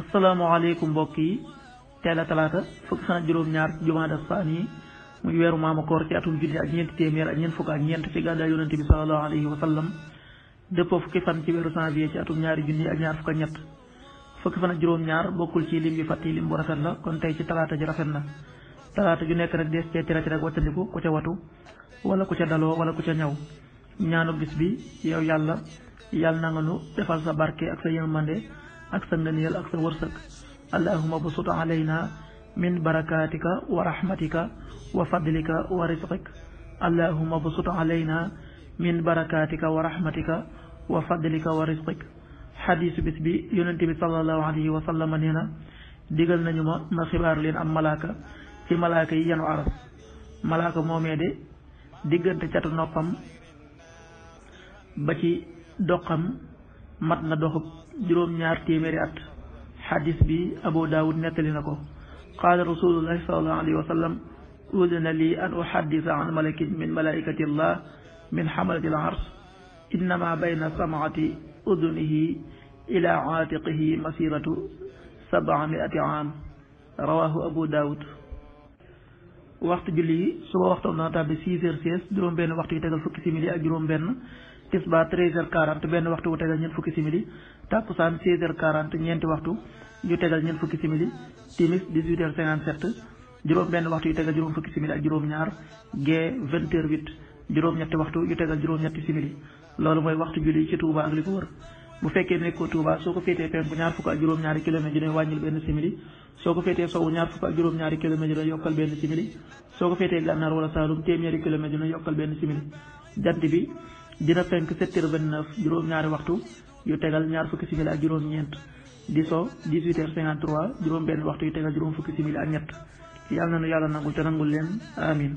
asalaamaaleykum mbokk yi teel a talaata fukki fan ak juróom-ñaar ci jumaada saani muy weeru maama koor ci atum junni ak ñeenti téeméer ak ñeent fukk ak ñeent ci gàddaay yonent bi sallallahu alayhi wa sallam dëppoo fukki ci weeru janvier ci atum ñaari junni ak ñaar fukk ak ñett fukki fan ak juróom-ñaar bokkul ci lim yu fàtt yi lim bu rafet la kon tey ci talaata ji rafet na talaata ju nekk nag dees cee tira ci rek wàccandiku ku ca watu wala ku ca daloo wala ku ca ñaw ñaanu bis bi yow yàlla yàlla na nga nu defal sa barke ak sa yërmande ak sa ngëneel ak sa wërsëg allahuma basut alayna min barakatika wa rahmatika wa fadlika wa risqik allahuma basut alayna min barakatika wa rahmatika wa fadlika wa risqik xadiisu bis bi yonent bi sallallahu alayhi wa sallam nee digal nañu ma ma xibaar leen am malaaka ci malaaka yi yanu aras malaaka moomee diggante catu ba ci doqam mat na doxub juróom-ñaar téeméeri at xadis bi abu daawud nettali na ko qaala rasulullahi sallallahu alayhi wa sallam udina lii an uxaddisa an malakin min malaikati llah min xamalati alars innama bayna samati udunihi ila aatiqihi masiratu sabaa miati aam rawahu abu daawud waxtu julli suba waxtu na tàbbi six heures seize juróom benn waxtu yi tegal fukki simili ak juróom benn tisba 13 h benn waxtu wu tegal ñeent fukki simili takkusaan 16h40 ñeenti waxtu yu tegal ñeent juróom benn waxtu yu tegal juróom fukki simili juróom ñaar gee 20h08 juróom ñetti waxtu yu tegal juróom ñetti simili loolu mooy waxtu julli ci Touba ak bu fekkee nekkoo Touba soo ko féetee penku ñaar fukk ak juróom-ñaari kilomètres yi doy benn simili soo ko féetee sowu ñaar fukk ak juróom-ñaari kilomètres yi yokkal benn simili soo ko féetee gànnaar wala a téeméeri kilomètres yi doy yokkal benn simili bi dina fenk sept heures vingt neuf juróom-ñaari waxtu yu tegal ñaar fukki simili ak juróom-ñeent di so dix huit heures cinquante trois juróom-benn waxtu yu tegal juróom fukki simili ak ñett yàlla na nu yàlla nangul te nangul leen amin